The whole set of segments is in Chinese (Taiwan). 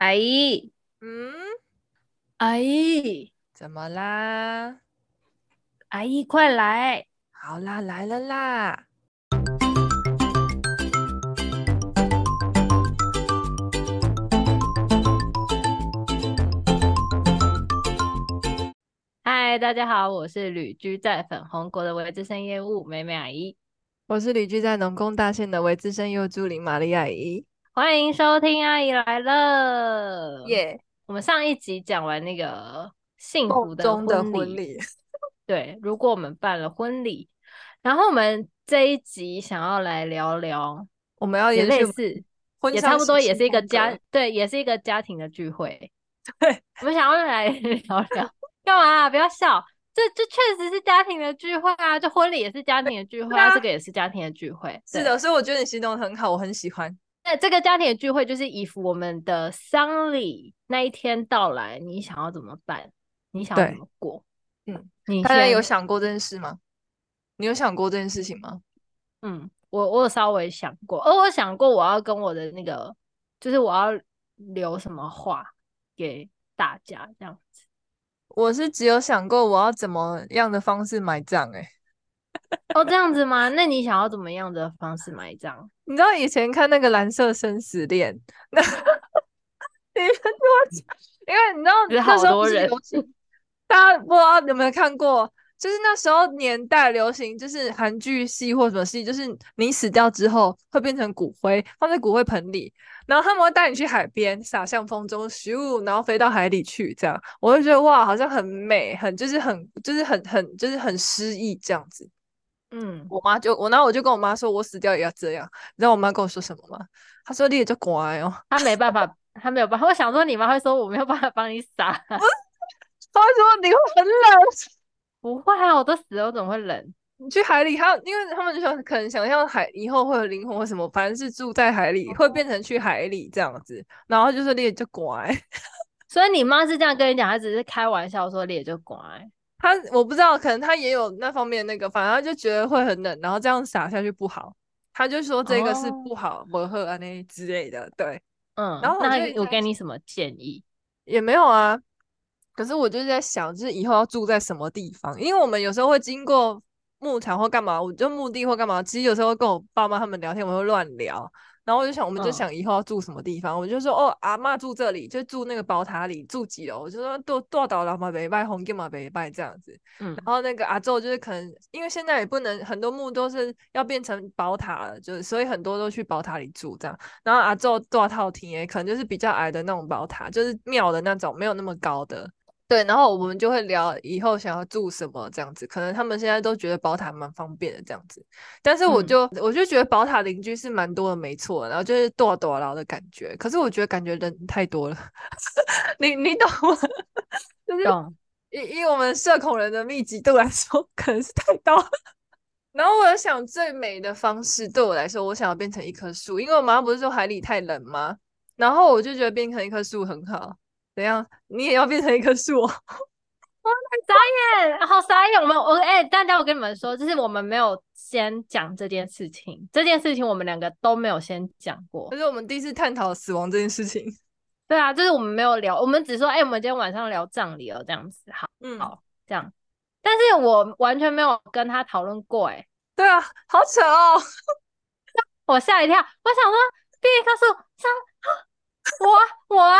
阿姨，嗯，阿姨，怎麼啦？阿姨，快來！好啦，來了啦！嗨，大家好，我是旅居在粉紅國的維資深業務美美阿姨。我是旅居在農工大縣的維資深幼助理瑪麗阿姨。歡迎收聽《阿姨來了》耶、yeah！我們上一集講完那個幸福的婚，的婚禮，對。如果我們辦了婚禮，然後我們這一集想要來聊聊，我們要也類似婚，也差不多也是一個家，對，也是一個家庭的聚會。對，我們想要來聊聊 幹嘛、啊？不要笑，這這確實是家庭的聚會啊！這婚禮也是家庭的聚會啊，啊，這個也是家庭的聚會。是的，所以我覺得你形容很好，我很喜歡。那這個家庭的聚會就是以我們的喪禮那一天到來，你想要怎麼辦？你想要怎麼過？嗯，你現在有想過這件事嗎？你有想過這件事情嗎？嗯，我我有稍微想過，而、哦、我想過我要跟我的那個，就是我要留什麼話給大家這樣子。我是只有想過我要怎麼樣的方式埋葬哎。 哦，這樣子嗎？那你想要怎麼樣的方式埋葬？你知道以前看那個《藍色生死戀》，那你們多，因為你知道那時候不是流行，大家不知道有沒有看過？就是那時候年代流行，就是韓劇戲或什麼戲，就是你死掉之後會變成骨灰，放在骨灰盆裡，然後他們會帶你去海邊，灑向風中，食物然後飛到海裡去，這樣，我就覺得哇，好像很美，很就是很就是很很就是很詩意這樣子。嗯，我媽就我，然後我就跟我媽說，我死掉也要這樣。你知道我媽跟我說什麼嗎？她說：“烈就乖哦。”她沒辦法，她沒有辦法。我想說，你媽會說我沒有辦法幫你撒， 她說你會很冷。不會啊，我都死了，我怎麼會冷？你去海裡，她因為他們就可能想象海以後會有靈魂或什麼，反正是住在海裡、哦、會變成去海裡這樣子。然後就是烈就乖、欸，所以你媽是這樣跟你講，她只是開玩笑說烈就乖。他我不知道，可能他也有那方面的那個，反正他就覺得會很冷，然後這樣灑下去不好，他就說這個是不好，不、哦、適合那之類的，對，嗯。然後我就我給你什麼建議？也沒有啊。可是我就是在想，就是以後要住在什麼地方，因為我們有時候會經過牧場或幹嘛，我就墓地或幹嘛。其實有時候會跟我爸媽他們聊天，我會亂聊。然後我就想，我們就想以後要住什麼地方，哦、我就說，哦，阿嬤住這裡，就住那個寶塔裡，住幾樓，我就說多多少樓嘛，禮拜紅干嘛，禮拜這樣子、嗯。然後那個阿晝就是可能，因為現在也不能，很多墓都是要變成寶塔了，就是所以很多都去寶塔裡住這樣。然後阿晝多少套廳也可能就是比較矮的那種寶塔，就是廟的那種，沒有那麼高的。對，然後我們就會聊以後想要住什麼這樣子，可能他們現在都覺得寶塔蠻方便的這樣子，但是我就、嗯、我就覺得寶塔鄰居是蠻多的沒錯的，然後就是多多少的感覺，可是我覺得感覺人太多了， 你你懂嗎？就是以以我們社恐人的密集度來說，可能是太多。 然後我想最美的方式對我來說，我想要變成一棵樹，因為我媽不是說海裡太冷嗎？然後我就覺得變成一棵樹很好。怎樣？你也要變成一棵樹，喔？哇塞！傻眼，好傻眼！我們我哎，大家我跟你們說，就是我們沒有先講這件事情，這件事情我們兩個都沒有先講過。就是我們第一次探討死亡這件事情。對啊，就是我們沒有聊，我們只說哎、欸，我們今天晚上聊葬禮哦，這樣子。好，嗯，好，這樣。但是我完全沒有跟他討論過哎、欸。對啊，好扯哦！ 我嚇一跳，我想說，第一棵樹，我、啊、我、啊。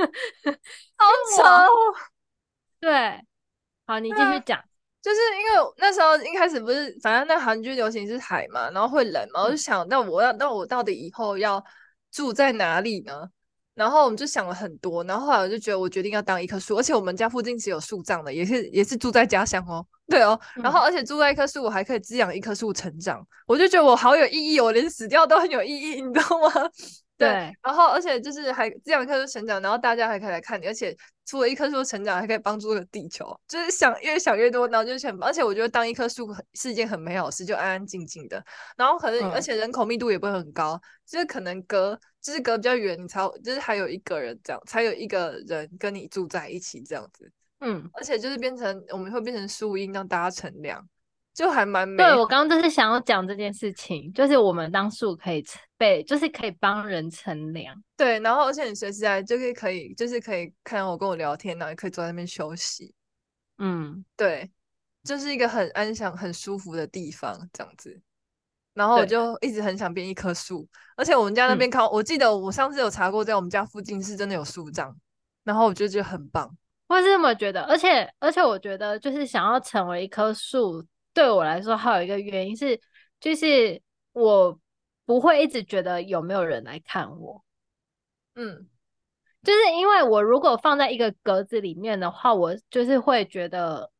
好醜醜、喔， 對，好，你繼續講、啊，就是因為那時候一開始不是，反正那韓劇流行是海嘛，然後會冷嘛，嗯、我就想，那我要，那我到底以後要住在哪裡呢？然後我們就想了很多，然後後來我就覺得，我決定要當一棵樹，而且我們家附近只有樹葬的，也是也是住在家鄉哦、喔，對哦、喔嗯，然後而且住在一棵樹，我還可以滋養一棵樹成長，我就覺得我好有意義，我連死掉都很有意義，你知道嗎？對,對，然後而且就是還這樣一棵樹成長，然後大家還可以來看你，而且除了一棵樹成長，還可以幫助地球，就是想越想越多，然後就想，而且我覺得當一棵樹是一件很美好事，就安安靜靜的，然後可能而且人口密度也不會很高，嗯、就是可能隔就是隔比較遠你才有就是還有一個人這樣，才有一個人跟你住在一起這樣子，嗯，而且就是變成我們會變成樹蔭，讓大家乘涼。就還蠻美。對，我剛剛就是想要講這件事情，就是我們當樹可以乘被，就是可以幫人乘涼。對，然後而且你隨時在，就可以，可以就是可以看到我跟我聊天呢，然後也可以坐在那邊休息。嗯，對，就是一個很安詳、很舒服的地方，這樣子。然後我就一直很想變一棵樹，而且我們家那邊看、嗯，我記得我上次有查過，在我們家附近是真的有樹葬，然後我覺得就很棒。我是這麼覺得，而且而且我覺得就是想要成為一棵樹。對我來說，還有一個原因是，就是我不會一直覺得有沒有人來看我。嗯，就是因為我如果放在一個格子裡面的話，我就是會覺得，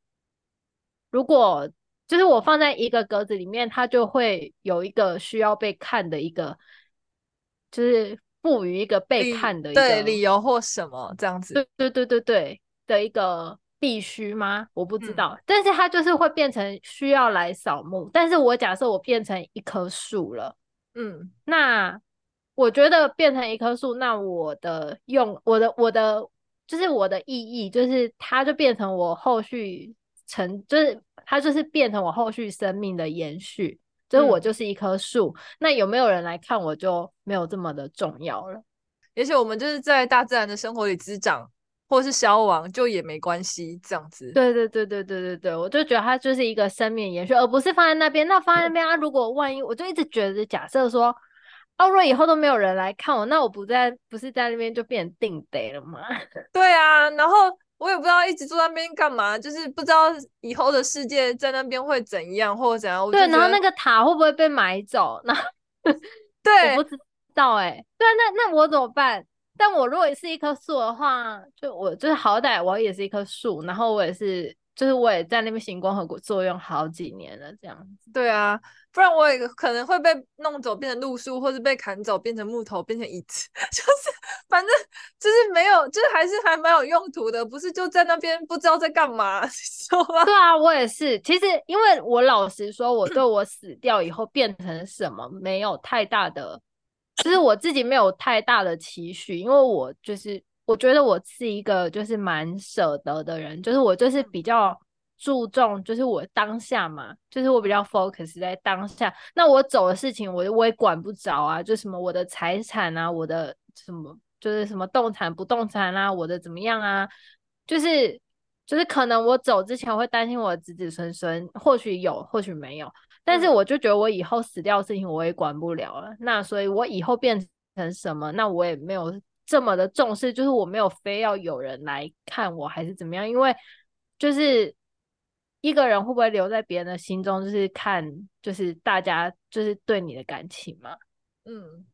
如果就是我放在一個格子裡面，它就會有一個需要被看的一個，就是賦予一個被看的一個。對，理由或什麼，這樣子。對對對對對的一個。必須嗎？我不知道，嗯，但是它就是會變成需要來掃墓。但是我假設我變成一棵樹了，嗯，那我覺得變成一棵樹，那我的用我的我的就是我的意義，就是它就變成我後續成，就是它就是變成我後續生命的延續，就是我就是一棵樹，嗯。那有沒有人來看我就沒有這麼的重要了？也許我們就是在大自然的生活裡滋長，或是消亡就也沒關係，這樣子。對對對對對對對，我就覺得它就是一個生命延續，而不是放在那邊。那放在那邊，他、嗯啊、如果萬一，我就一直覺得，假設說，奧、啊、若以後都沒有人來看我，那我不在，不是在那邊就變成定得了嗎？對啊，然後我也不知道一直坐在那邊幹嘛，就是不知道以後的世界在那邊會怎樣或者怎樣。對我就覺得，然後那個塔會不會被買走？那對， 我不知道哎、欸。對啊，那那我怎麼辦？但我如果也是一棵樹的話，就我就是好歹我也是一棵樹，然後我也是，就是我也在那邊行光合作用好幾年了，這樣子。對啊，不然我也可能會被弄走變成路樹，或是被砍走變成木頭，變成椅子，就是反正就是沒有，就是還是還蠻有用途的，不是就在那邊不知道在幹嘛？你知道嗎？對啊，我也是。其實因為我老實說，我對我死掉以後變成什麼 沒有太大的。就是我自己沒有太大的期許，因為我就是我覺得我是一個就是蠻捨得的人，就是我就是比較注重，就是我當下嘛，就是我比較 focus 在當下。那我走的事情，我我也管不着啊，就什麼我的財產啊，我的什麼就是什麼動產不動產啊，我的怎麼樣啊，就是就是可能我走之前會擔心我子子孫孫，或許有，或許沒有。但是我就覺得我以後死掉的事情我也管不了了，那所以我以後變成什麼，那我也沒有這麼的重視，就是我沒有非要有人來看我還是怎麼樣，因為就是一個人會不會留在別人的心中，就是看就是大家就是對你的感情嘛。嗯。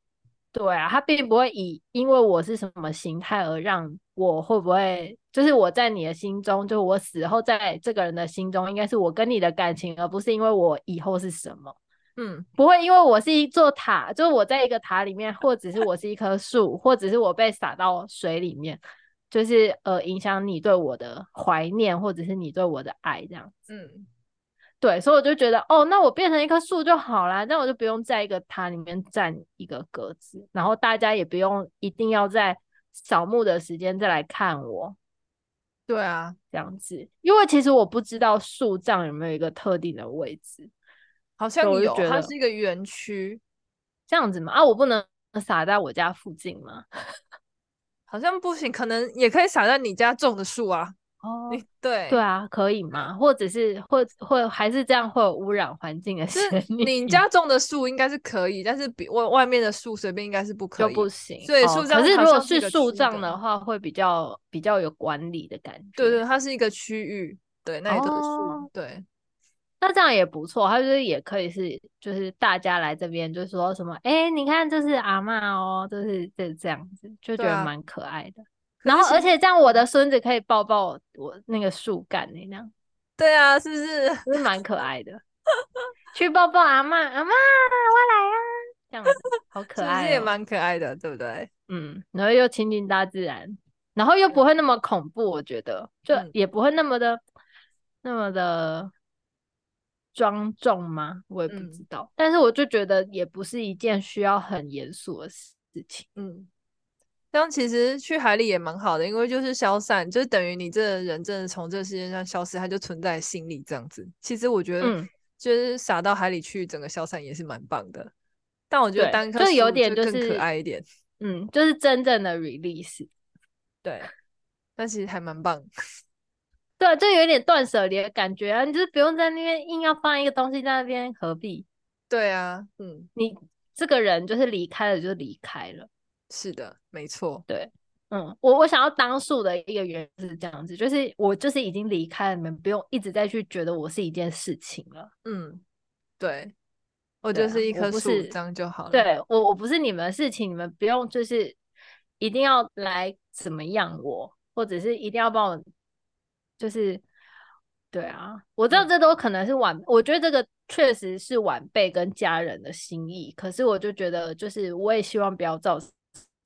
對啊，他並不會以因為我是什麼形態而讓我會不會，就是我在你的心中，就我死後，在這個人的心中，應該是我跟你的感情，而不是因為我以後是什麼，嗯，不會因為我是一座塔，就是我在一個塔裡面，或者是我是一棵樹， 或者是我被灑到水裡面，就是呃影響你對我的懷念，或者是你對我的愛這樣嗯。對，所以我就覺得，哦，那我變成一棵樹就好了，那我就不用在一個塔裡面佔一個格子，然後大家也不用一定要在掃墓的時間再來看我。對啊，這樣子，因為其實我不知道樹葬有沒有一個特定的位置，好像我覺得它是一個園區，這樣子嘛，啊，我不能撒在我家附近嗎？ 好像不行，可能也可以撒在你家種的樹啊。哦、oh,，對對啊，可以嗎？或者是或或還是這樣會有污染環境的事？你家種的樹應該是可以，但是比外外面的樹隨便應該是不可以，就不行。所以樹，樹葬，哦，可是如果是樹葬的話，會比較比較有管理的感覺。對對，它是一個區域，對那一棵的樹，oh, 對。那這樣也不錯，它就是也可以是，就是大家來這邊就是說什麼？哎，你看這是阿嬤哦，就是這這樣子，就覺得蠻可愛的。然後，而且這樣我的孫子可以抱抱我那個樹幹，那那樣，對啊，是不是？是蠻可愛的， 去抱抱阿嬤，阿嬤，我來啊，這樣子好可愛，哦，其實也蠻可愛的，對不對？嗯，然後又親近大自然，然後又不會那麼恐怖，我覺得，就也不會那麼的，嗯、那麼的莊重嗎？我也不知道，嗯，但是我就覺得也不是一件需要很嚴肅的事情，嗯。這樣其實去海裡也蠻好的，因為就是消散，就是等於你這個人真的從這個世界上消失，它就存在心裡這樣子。其實我覺得，就是撒到海裡去，嗯，整個消散也是蠻棒的。但我覺得單就，就有點就是更可愛一點，嗯，就是真正的 release，對，但其實還蠻棒。對這，啊，就有點斷捨離的感覺啊，你就是不用在那邊硬要放一個東西在那邊，何必？對啊，嗯，你這個人就是離開了就離開了。是的，沒錯。對，嗯，我我想要當樹的一個原因是這樣子，就是我就是已經離開了，你們不用一直再去覺得我是一件事情了。嗯，對，我就是一棵樹，這樣就好了。對啊，我不是，對，我，我不是你們的事情，你們不用就是一定要來怎麼樣我，或者是一定要幫我，就是對啊，我知道這都可能是晚，嗯、我覺得這個確實是晚輩跟家人的心意，可是我就覺得就是我也希望不要造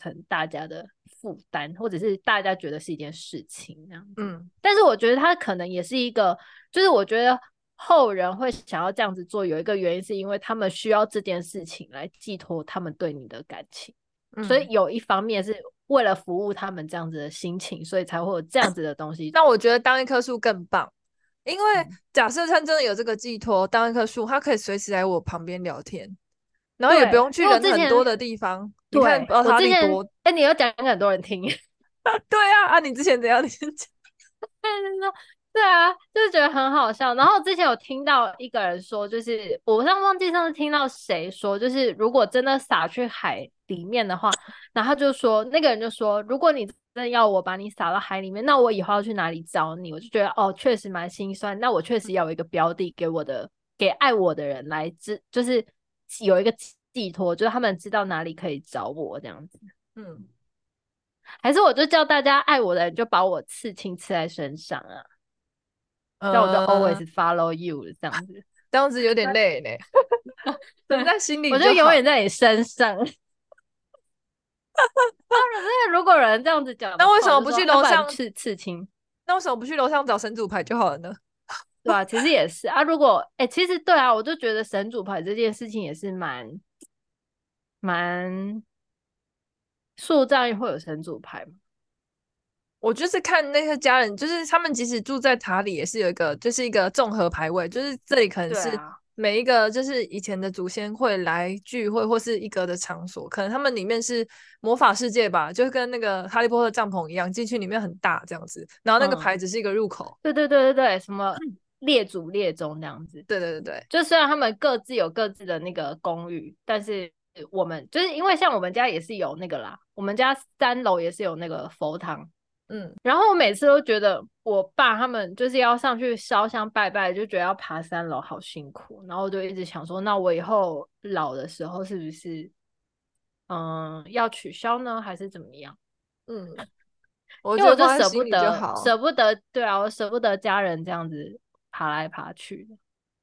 成大家的負擔，或者是大家覺得是一件事情，嗯，但是我覺得他可能也是一個，就是我覺得後人會想要這樣子做，有一個原因是因為他們需要這件事情來寄托他們對你的感情。嗯，所以有一方面是為了服務他們這樣子的心情，所以才會有這樣子的東西。但我覺得當一棵樹更棒，因為假設他真的有這個寄托，嗯，當一棵樹，他可以隨時在我旁邊聊天，No，然後也不用去人很多的地方。No way, 對，我之前，哎、欸，你有講給很多人聽、啊。對啊，啊，你之前怎樣？你先講。 對啊，就是覺得很好笑。然後之前有聽到一個人說，就是我好像忘記上次聽到誰說，就是如果真的撒去海裡面的話，然後就說那個人就說，如果你真的要我把你撒到海裡面，那我以後要去哪裡找你？我就覺得哦，確實蠻心酸。那我確實要有一個標的給我的，給愛我的人來，之就是有一個。寄託就是他們知道哪裡可以找我這樣子，嗯，還是我就叫大家愛我的人就把我刺青刺在身上啊，嗯、叫我就 always follow you 這樣子，這樣子有點累嘞， 在心裡，我就永遠在你身上。但 然、 啊，如果人這樣子講，那為什麼不去樓上刺刺青？那為什麼不去樓上找神主牌就好了呢？對啊，其實也是啊，如果哎、欸，其實對啊，我就覺得神主牌這件事情也是蠻。蠻，樹葬也會有神主牌嘛？我就是看那些家人，就是他們即使住在塔裡，也是有一個，就是一個綜合牌位，就是這裡可能是每一個，就是以前的祖先會來聚會或是一個的場所，可能他們裡面是魔法世界吧，就是跟那個哈利波特帳篷一樣，進去裡面很大這樣子，然後那個牌子是一個入口，對、嗯、對對對對，什麼列祖列宗這樣子、嗯，對對對對，就雖然他們各自有各自的那個公寓，但是。我們就是因為像我們家也是有那個啦，我們家三樓也是有那個佛堂，嗯，然後我每次都覺得我爸他們就是要上去燒香拜拜，就覺得要爬三樓好辛苦，然後我就一直想說，那我以後老的時候是不是，嗯，要取消呢，還是怎麼樣？嗯，我覺得我就舍不得，舍不得，對啊，我舍不得家人這樣子爬來爬去的，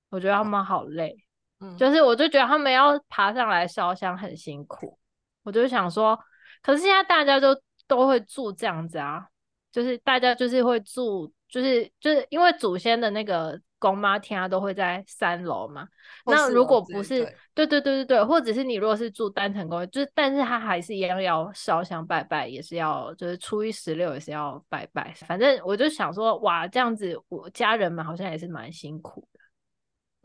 我覺得他們好累。嗯嗯，就是我就覺得他們要爬上來燒香很辛苦，嗯，我就想說，可是現在大家就都，都會住這樣子啊，就是大家就是會住，就是就是因為祖先的那個公媽廳啊都會在三樓嘛。那如果不是，對對對對對，或者是你如果是住單層公寓，就是但是他還是一樣要燒香拜拜，也是要就是初一十六也是要拜拜，反正我就想說哇，這樣子我家人們好像也是蠻辛苦的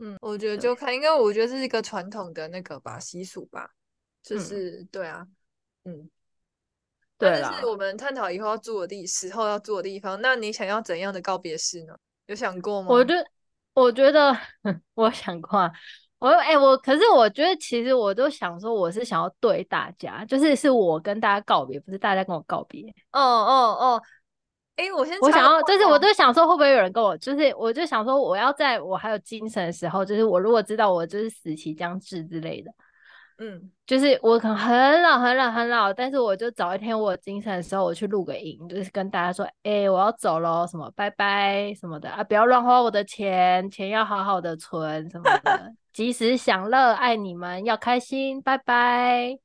嗯，我覺得就看，應該我覺得這是一個傳統的那個吧習俗吧，就是、嗯、對啊，嗯，對啊。但是我們探討以後要住的地，時候要住的地方，那你想要怎樣的告別式呢？有想過嗎？我就我覺得，我想過啊。我哎、欸，我可是我覺得，其實我都想說，我是想要對大家，就是是我跟大家告別，不是大家跟我告別。哦哦哦。哎，我先，我想要，就是，我就想說，會不會有人跟我，就是，我就想說，我要在我還有精神的時候，就是，我如果知道我就是死期將至之類的，嗯，就是我可能很老，很老，很老，但是我就早一天我精神的時候，我去錄個音，就是跟大家說，誒、欸，我要走嘍，什麼，拜拜，什麼的啊，不要亂花我的錢，錢要好好的存，什麼的，及 時享樂，愛你們，要開心，拜拜，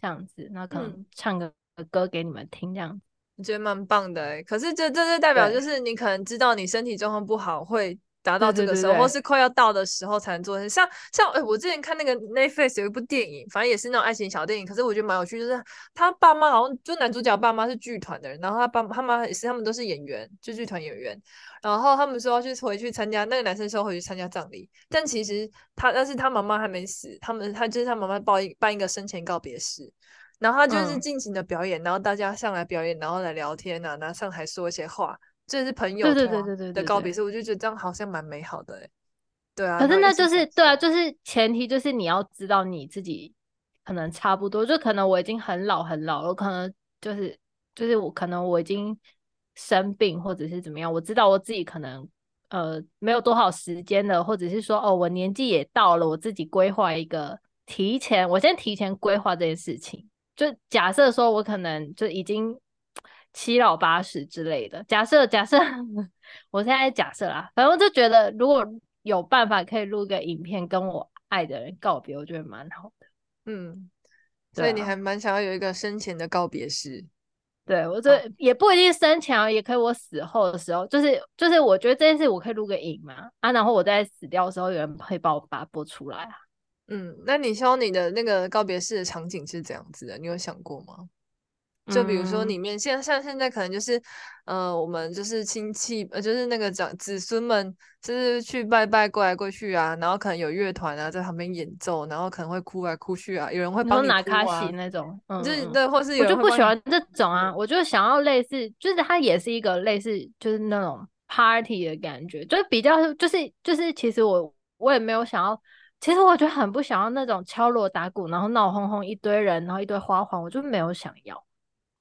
這樣子，那可能唱個歌給你們聽，嗯、這樣。我覺得蠻棒的、欸、可是這這代表就是你可能知道你身體狀況不好、嗯、會達到這個時候，對對對對，或是快要到的時候才能做。像像、欸、我之前看那個 Netflix 有一部電影，反正也是那種愛情小電影，可是我覺得蠻有趣，就是他爸媽好像就男主角爸媽是劇團的人，然後他爸他媽也是，他們都是演員，就劇團演員。然後他們說要去回去參加那個男生說回去參加葬禮，但其實他但是他媽媽還沒死，他們他就是他媽媽辦一辦一個生前告別式。然後他就是盡情的表演、嗯，然後大家上來表演，然後來聊天，然後來聊天啊，然後上台說一些話，這、就是朋友的告別式，我就覺得這樣好像蠻美好的、欸。對啊，可是那就是那、就是、對啊，就是前提就是你要知道你自己可能差不多，就可能我已經很老很老了，可能就是就是我可能我已經生病或者是怎麼樣，我知道我自己可能呃沒有多少時間了，或者是說哦我年紀也到了，我自己規劃一個提前，我先提前規劃這件事情。就假設說，我可能就已經七老八十之類的。假設假設，我現在假設啦，反正我就覺得如果有辦法可以錄個影片，跟我愛的人告別，我覺得蠻好的。嗯，所以你還蠻想要有一個生前的告別式對、啊？對，我這也不一定生前、喔啊，也可以我死後的時候，就是就是，我覺得這件事我可以錄個影嘛。啊，然後我在死掉的時候，有人會幫我把它播出來啊。嗯，那你希望你的那個告別式的場景是怎樣子的？你有想過嗎？就比如說裡面現在，現、嗯、像現在可能就是，呃，我們就是親戚，呃，就是那個長子孫們，就是去拜拜過來過去啊，然後可能有樂團啊在旁邊演奏，然後可能會哭來哭去啊，有人會幫拿卡啊那種，嗯，對對，或是有人我就不喜歡這種啊，我就想要類似，就是它也是一個類似，就是那種 party 的感覺，就是比較，就是就是，其實我我也沒有想要。其實我覺得很不想要那種敲鑼打鼓，然後鬧哄哄一堆人，然後一堆花環，我就沒有想要，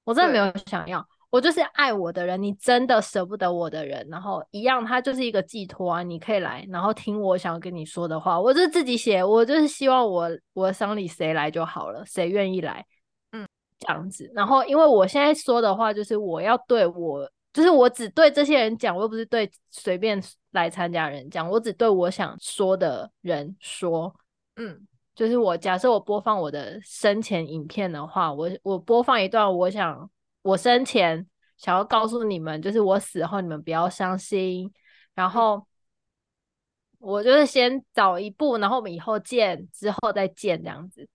我真的沒有想要。我就是愛我的人，你真的捨不得我的人，然後一樣，他就是一個寄託啊。你可以來，然後聽我想要跟你說的話。我就自己寫，我就是希望我我的喪禮誰來就好了，誰願意來，嗯，這樣子。然後因為我現在說的話就是我要對我。就是我只對這些人講，我又不是對隨便來參加人講，我只對我想說的人說。嗯，就是我假設我播放我的生前影片的話，我我播放一段，我想我生前想要告訴你們，就是我死後你們不要傷心，然後我就是先走一步，然後我們以後見，之後再見這樣子。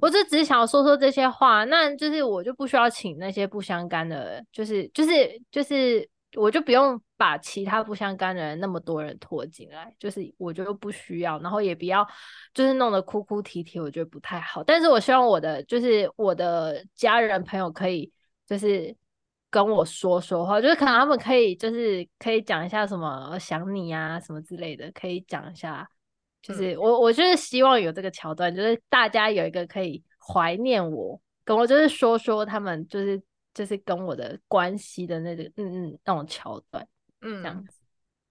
我就只是想說說這些話，那就是我就不需要請那些不相干的人，就是就是就是、就是，我就不用把其他不相干的人那麼多人拖進來，就是我覺得不需要，然後也不要，就是弄得哭哭啼啼，我覺得不太好。但是我希望我的就是我的家人朋友可以就是跟我說說話，就是可能他們可以就是可以講一下什麼想你啊什麼之類的，可以講一下。就是我，我就是希望有這個橋段，就是大家有一個可以懷念我，跟我就是說說他們，就是就是跟我的關係的那個，嗯嗯，那種橋段，嗯，這樣子，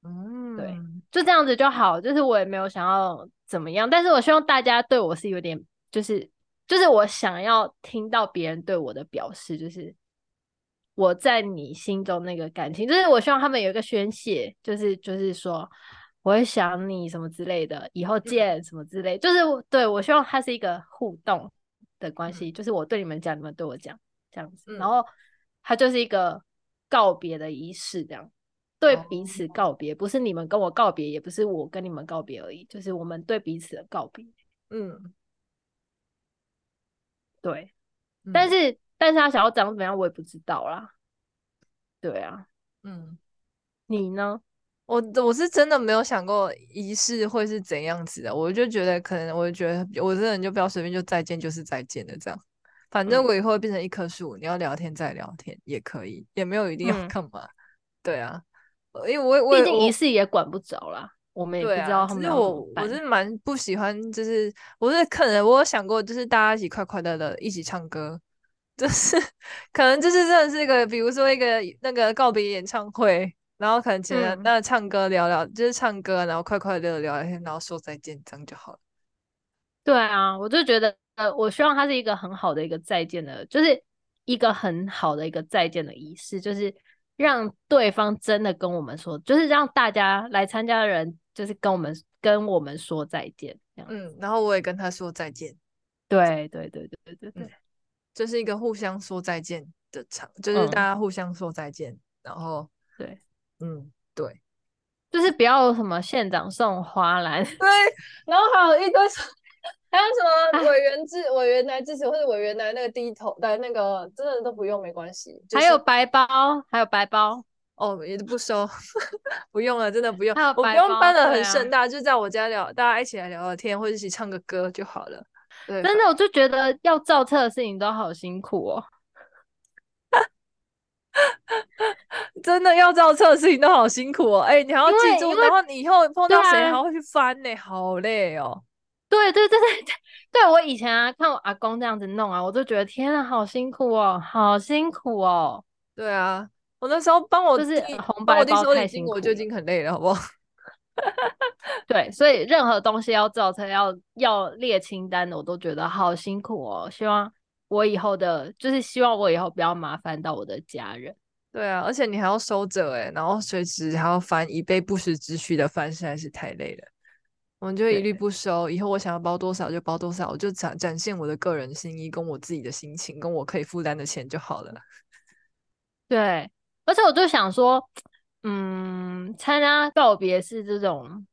嗯，對，就這樣子就好。就是我也沒有想要怎麼樣，但是我希望大家對我是有點，就是就是我想要聽到別人對我的表示，就是我在你心中那個感情，就是我希望他們有一個宣洩，就是就是說。我會想你什麼之類的，以後見什麼之類的，就是，對，我希望它是一個互動的關係、嗯，就是我對你們講，你們對我講這樣子，嗯、然後它就是一個告別的儀式，這樣對彼此告別，不是你們跟我告別，也不是我跟你們告別而已，就是我們對彼此的告別。嗯，對，但是、嗯、但是他想要講怎麼樣，我也不知道啦。對啊，嗯，你呢？我我是真的沒有想過儀式會是怎樣子的，我就覺得可能，我就覺得我這人就不要隨便就再見就是再見的這樣，反正我以後會變成一棵樹、嗯，你要聊天再聊天也可以，也沒有一定要幹嘛，嗯，對啊，因為我我畢竟儀式也管不着啦、啊我，我們也不知道他們。其實我我是蠻不喜歡，就是我是可能我想過，就是大家一起快快樂樂一起唱歌，就是可能就是真的是一個，比如說一個那個告別演唱會。然後可能覺得那唱歌聊聊、嗯、就是唱歌，然後快快樂樂聊聊天，然後說再見這樣就好了。對啊，我就覺得，我希望它是一個很好的一個再見的，就是一個很好的一個再見的儀式，就是讓對方真的跟我們說，就是讓大家來參加的人，就是跟我們跟我們說再見這樣。嗯，然後我也跟他說再見。對對對對對對，這、就是一個互相說再見的場、嗯，就是大家互相說再見，然後對。嗯，對，就是不要什麼縣長送花籃，對，然後還有一堆還有什麼委員支、啊、委員來支持，或者委員來那個低頭，對，那個真的都不用，沒關係、就是。還有白包，還有白包，哦，也不收， 不用了，真的不用。我不用辦得很盛大，啊，就在我家聊，大家一起來聊聊天，或者一起唱個歌就好了。對，真的，我就覺得要造冊的事情都好辛苦哦。 真的要造冊的事情都好辛苦哦！哎、欸，你還要記住，然後你以後碰到誰還會去翻呢？、啊？好累哦！對對對對對，我以前啊看我阿公這樣子弄啊，我都覺得天啊，好辛苦哦，好辛苦哦！對啊，我那時候幫我就是紅白包太辛苦，就已經很累了，好不好？ 對，所以任何東西要造冊要要列清單的，我都覺得好辛苦哦。希望。我以後的，就是希望我以後不要麻煩到我的家人。對啊，而且你還要收着、欸、然後隨時還要翻，以備不時之需的翻，實在是太累了。我們就一律不收，以後我想要包多少就包多少，我就展展現我的個人心意，跟我自己的心情，跟我可以負擔的錢就好了。對，而且我就想說，嗯，參加告別式這種，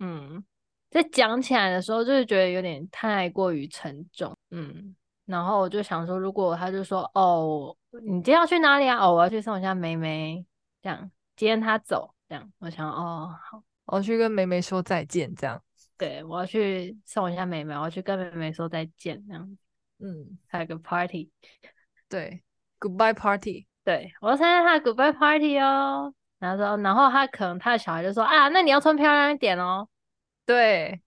嗯，在講起來的時候，就是覺得有點太過於沉重，嗯。然後我就想說，如果他就說，哦，你今天要去哪裡啊？哦，我要去送一下梅梅，這樣接他走，這樣，我想，哦，好，我要去跟梅梅說再見，這樣，對我要去送一下梅梅，我要去跟梅梅說再見，這樣嗯，還有個 party，對 ，goodbye party，對我要參加他的 goodbye party 哦，然後，然後他可能他的小孩就說，啊，那你要穿漂亮一點哦，對。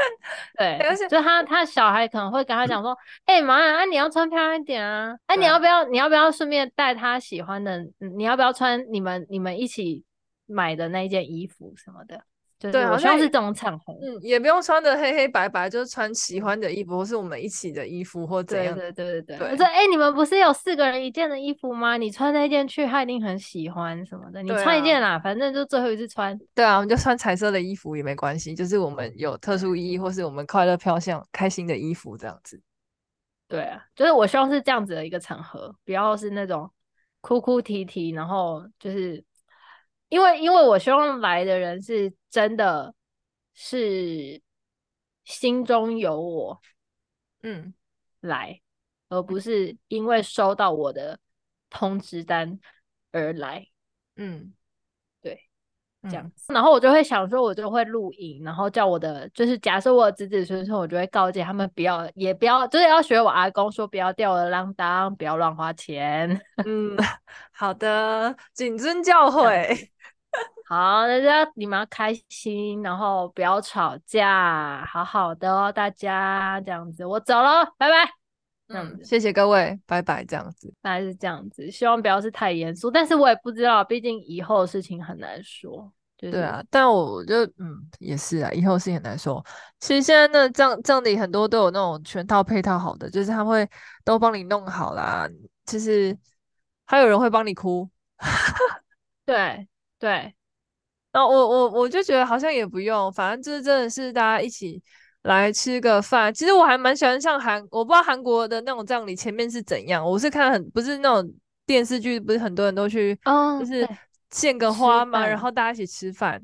對，就是他， 他小孩可能會跟他講說：“哎、 欸，媽啊，你要穿漂亮一點啊！哎、啊，你要不要，你要不要順便帶他喜歡的？你要不要穿你們你們一起買的那件衣服什麼的？”對，好像是這種場合、啊。嗯，也不用穿的黑黑白白，就是穿喜歡的衣服，或是我們一起的衣服，或怎樣。對對對對,對我說，哎、欸，你們不是有四個人一件的衣服嗎？你穿那件去，他一定很喜歡什麼的。啊、你穿一件啦，反正就最後一次穿。對啊，我們就穿彩色的衣服也沒關係，就是我們有特殊意義，或是我們快樂飄向開心的衣服這樣子。對啊，就是我希望是這樣子的一個場合，不要是那種哭哭啼啼,啼，然後就是。因為，因為我希望來的人是真的，是心中有我，嗯，來，而不是因為收到我的通知單而來，嗯。這樣子，然後我就會想說，我就會錄影、嗯，然後叫我的，就是假設我的子子孫孫，我就會告誡他們不要，也不要，就是要學我阿公說不要的，不要吊兒郎當，不要亂花錢。嗯，好的，謹遵教誨。好，大家你們要開心，然後不要吵架，好好的、哦，大家這樣子，我走嘍，拜拜。嗯，謝謝各位，拜拜，這樣子，大概是這樣子，希望不要是太嚴肅，但是我也不知道，畢竟以後的事情很難說、就是。對啊，但我就嗯，也是啊，以後事情很難說。其實現在那葬葬禮很多都有那種全套配套好的，就是他們會都幫你弄好啦。其實還有人會幫你哭。對 對，那、哦、我我我就覺得好像也不用，反正就是真的是大家一起。來吃個飯，其實我還蠻喜歡像韓，我不知道韓國的那種葬禮前面是怎樣。我是看很不是那種電視劇，不是很多人都去，oh, 就是獻個花嘛，然後大家一起吃飯，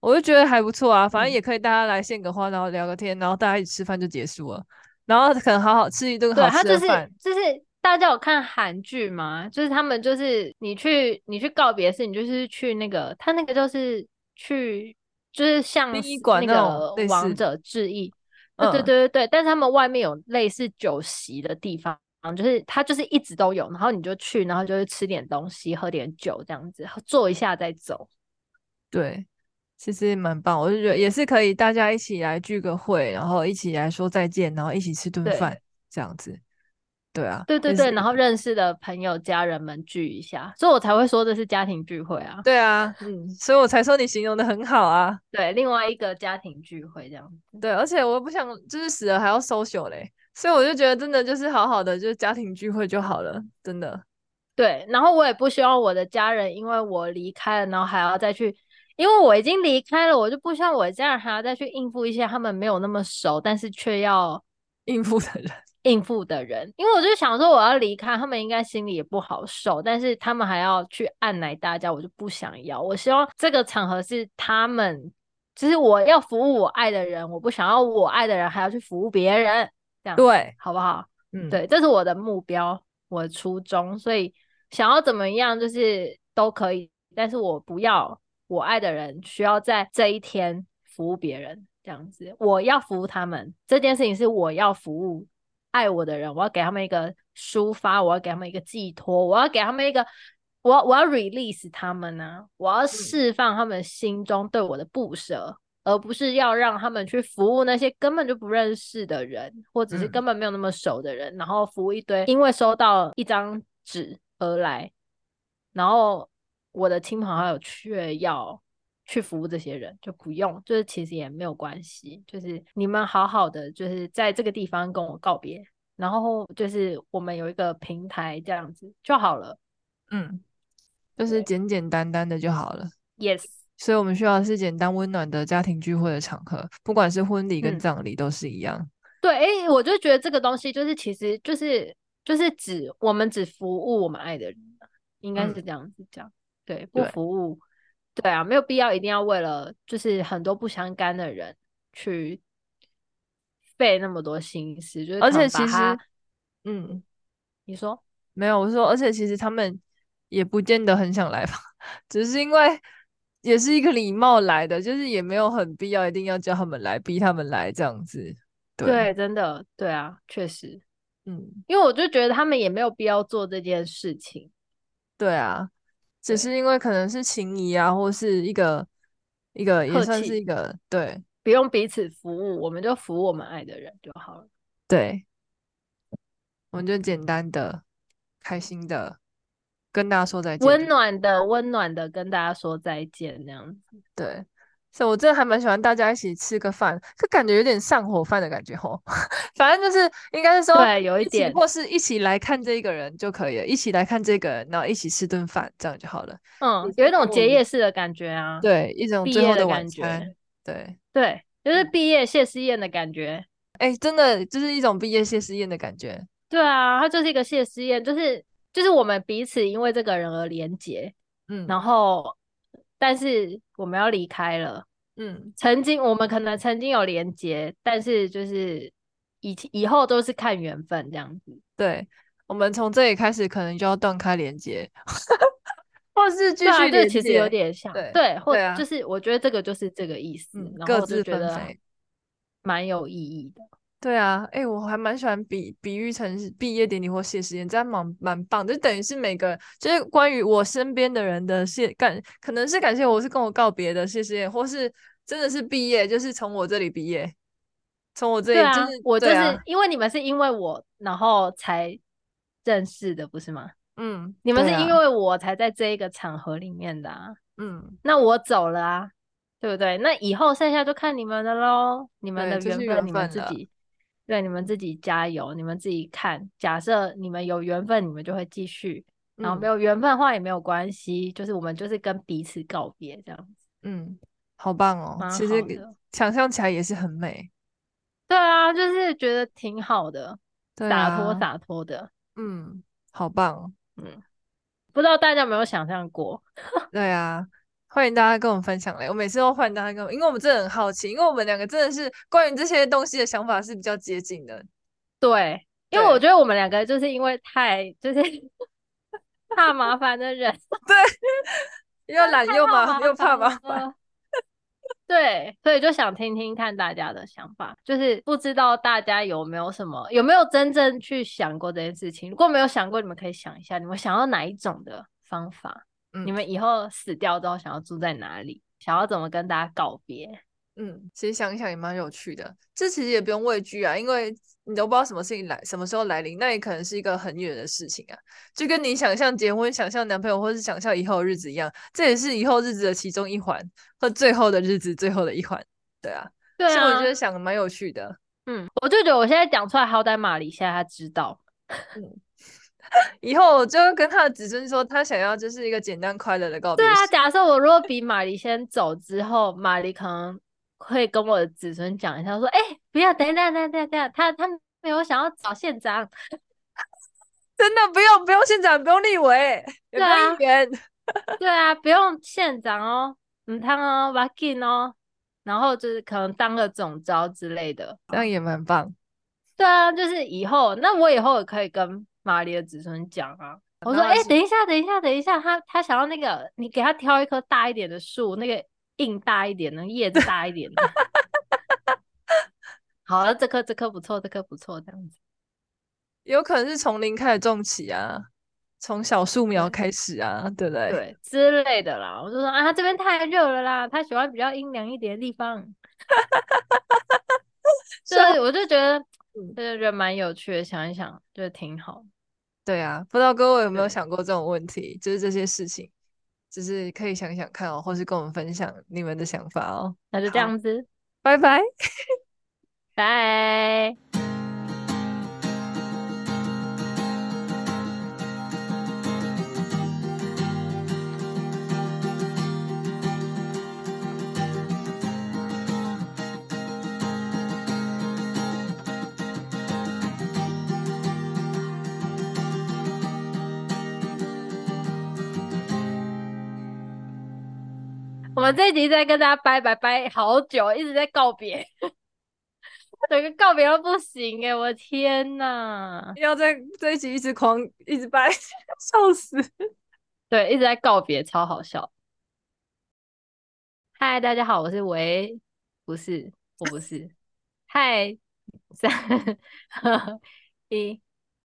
我就覺得還不錯啊。反正也可以大家來獻個花，嗯、然後聊個天，然後大家一起吃飯就結束了，然後可能好好吃一頓好吃飯。對，他就是就是大家有看韓劇嗎？就是他們就是你去你去告別式，你就是去那個他那個就是去就是像一館那種那個死者致意。哦，對對對對，嗯，但是他們外面有類似酒席的地方，就是他就是一直都有，然後你就去，然後就是吃點東西、喝點酒，這樣子，坐一下再走。對，其實蠻棒，我就覺得也是可以，大家一起來聚個會，然後一起來說再見，然後一起吃頓飯，這樣子。對啊，對對對，然後認識的朋友家人們聚一下，所以我才會說的是家庭聚會啊。對啊，嗯，所以我才說你形容得很好啊。對，另外一個家庭聚會這樣。對，而且我不想就是死了還要 social 嘞，所以我就覺得真的就是好好的就是家庭聚會就好了，真的。對，然後我也不希望我的家人因為我離開了，然後還要再去，因為我已經離開了，我就不希望我家人還要再去應付一些他們沒有那麼熟，但是卻要應付的人。應付的人，因為我就想說我要離開，他們應該心裡也不好受，但是他們還要去按捺大家，我就不想要。我希望這個場合是他們，就是我要服務我愛的人，我不想要我愛的人還要去服務別人，這樣。對，好不好？嗯，對，這是我的目標，我的初衷，所以想要怎麼樣就是都可以，但是我不要我愛的人需要在這一天服務別人這樣子，我要服務他們，這件事情是我要服務。愛我的人，我要給他們一個抒發，我要給他們一個寄托，我要給他們一個，我我要 release 他們呢、啊，我要釋放他們心中對我的不舍、嗯，而不是要讓他們去服務那些根本就不認識的人，或者是根本沒有那麼熟的人，嗯、然後服務一堆因為收到一張紙而來，然後我的親朋好友卻要。去服務這些人就不用，就是其實也沒有關係，就是你們好好的，就是在這個地方跟我告別，然後就是我們有一個平台這樣子就好了，嗯，就是簡簡單單單的就好了。Yes，所以我們需要的是簡單溫暖的家庭聚會的場合，不管是婚禮跟葬禮都是一樣。嗯、對，哎，我就覺得這個東西就是其實就是就是指我們只服務我們愛的人，應該是這樣子講，嗯、對，不服務。對啊，沒有必要一定要為了就是很多不相干的人去費那麼多心思，就是而且其實，嗯，你說？沒有，我說而且其實他們也不見得很想來吧，只 是因為也是一個禮貌來的，就是也沒有很必要一定要叫他們來，逼他們來這樣子，對，對真的，對啊，確實，嗯，因為我就覺得他們也沒有必要做這件事情，對啊。只是因為可能是情誼啊，或是一個一個也算是一個對，不用彼此服務，我們就服務我們愛的人就好了。對，我們就簡單的、開心的跟大家說再見，溫暖的、溫暖的跟大家說再見那樣子。對。所以我真的還蠻喜歡大家一起吃個飯，就感覺有點散夥飯的感覺吼。反正就是應該是說，對，有一點，一或是一起來看這一個人就可以了，一起來看這個，然後一起吃頓飯，這樣就好了。嗯，有一種結業式的感覺啊。對，一種最後畢業的感覺。對對，就是畢業謝師宴的感覺。哎、嗯，真的就是一種畢業謝師宴的感覺。對啊，它就是一個謝師宴，就是就是我們彼此因為這個人而連結。嗯，然後但是。我們要離開了，嗯，曾經我們可能曾經有連接，但是就是以以後都是看緣分這樣子。對，我們從這裡開始可能就要斷開連接， 或是繼續對、啊。對，其實有點像，對，對或對、啊、就是我覺得這個就是這個意思，嗯、然後就覺得蠻有意義的。對啊，哎、欸，我還蠻喜歡比比喻成畢業典禮或謝師宴，這樣蠻蠻棒，就等於是每個就是關於我身邊的人的謝感，可能是感謝我是跟我告別的謝師宴，或是真的是畢業，就是從我這裡畢業，從我這裡、啊、就是、啊、我就是，因為你們是因為我然後才認識的，不是嗎？嗯，你們是因為我才在這一個場合裡面的、啊啊，嗯，那我走了啊，對不對？那以後剩下就看你們的嘍，你們的緣分、就是緣分，你們自己。對你們自己加油，你們自己看。假設你們有緣分，你們就會繼續；嗯、然後沒有緣分的話，也沒有關係。就是我們就是跟彼此告別這樣子。嗯，好棒哦！其實想象起來也是很美。對啊，就是覺得挺好的，灑脫、啊、灑脫的。嗯，好棒。嗯，不知道大家有沒有想象過。 對啊。歡迎大家跟我們分享嘞！我每次都歡迎大家跟我們，因為我們真的很好奇，因為我們兩個真的是關於這些東西的想法是比較接近的。對，因為我覺得我們兩個就是因為太就是 怕麻煩的人，對，因為 又懶又忙，又怕麻煩。 對，所以就想聽聽看大家的想法，就是不知道大家有沒有什麼，有沒有真正去想過這件事情？如果沒有想過，你們可以想一下，你們想要哪一種的方法？嗯，你們以後死掉之後想要住在哪裡？想要怎麼跟大家告別？嗯，其實想一想也蠻有趣的。這其實也不用畏懼啊，因為你都不知道什麼事情來，什麼時候來臨，那也可能是一個很遠的事情啊。就跟你想象結婚、想象男朋友，或是想象以後的日子一樣，這也是以後日子的其中一環，和最後的日子，最後的一環。對啊，對啊。所以我覺得想的蠻有趣的。嗯，我就覺得我現在講出來，好歹馬里現在他知道。嗯。以後我就跟他的子孫說，他想要就是一個簡單快樂的告別。對啊，假設我如果比瑪麗先走之後， 瑪麗可能會跟我的子孫講一下，說：“哎、欸，不要，等等，等等，等等，他他沒有想要找縣長， 真的不用不用縣長，不用立委，不用議員、啊、 對啊，不用縣長哦，嗯、啊，他們 v i 哦，然後就是可能當個總召之類的，這樣也蠻棒。對啊，就是以後，那我以後也可以跟。馬里的子孫講啊，我說哎、欸，等一下，等一下，等一下，他他想要那個，你給他挑一棵大一點的樹，那個蔭大一點的，葉子大一點的。 好，這棵這棵不錯，這棵不錯，這樣子。有可能是從零開始種起啊，從小樹苗開始啊，對不對？對之類的啦。我就說啊，他這邊太熱了啦，他喜歡比較陰涼一點的地方。所 以我就覺得， 嗯、這個人蠻有趣的，想一想就挺好。對啊，不知道各位有沒有想過這種問題？就是這些事情，就是可以想想看哦，或是跟我們分享你們的想法哦。那就這樣子，拜拜，拜。Bye 我這集在跟大家拜拜拜好久，一直在告別， 整個告別都不行哎，欸！我的天吶，要在這一集一直狂一直拜，笑死！對，一直在告別，超好笑。嗨，大家好，我是維，不是，我不是。嗨， 三二一。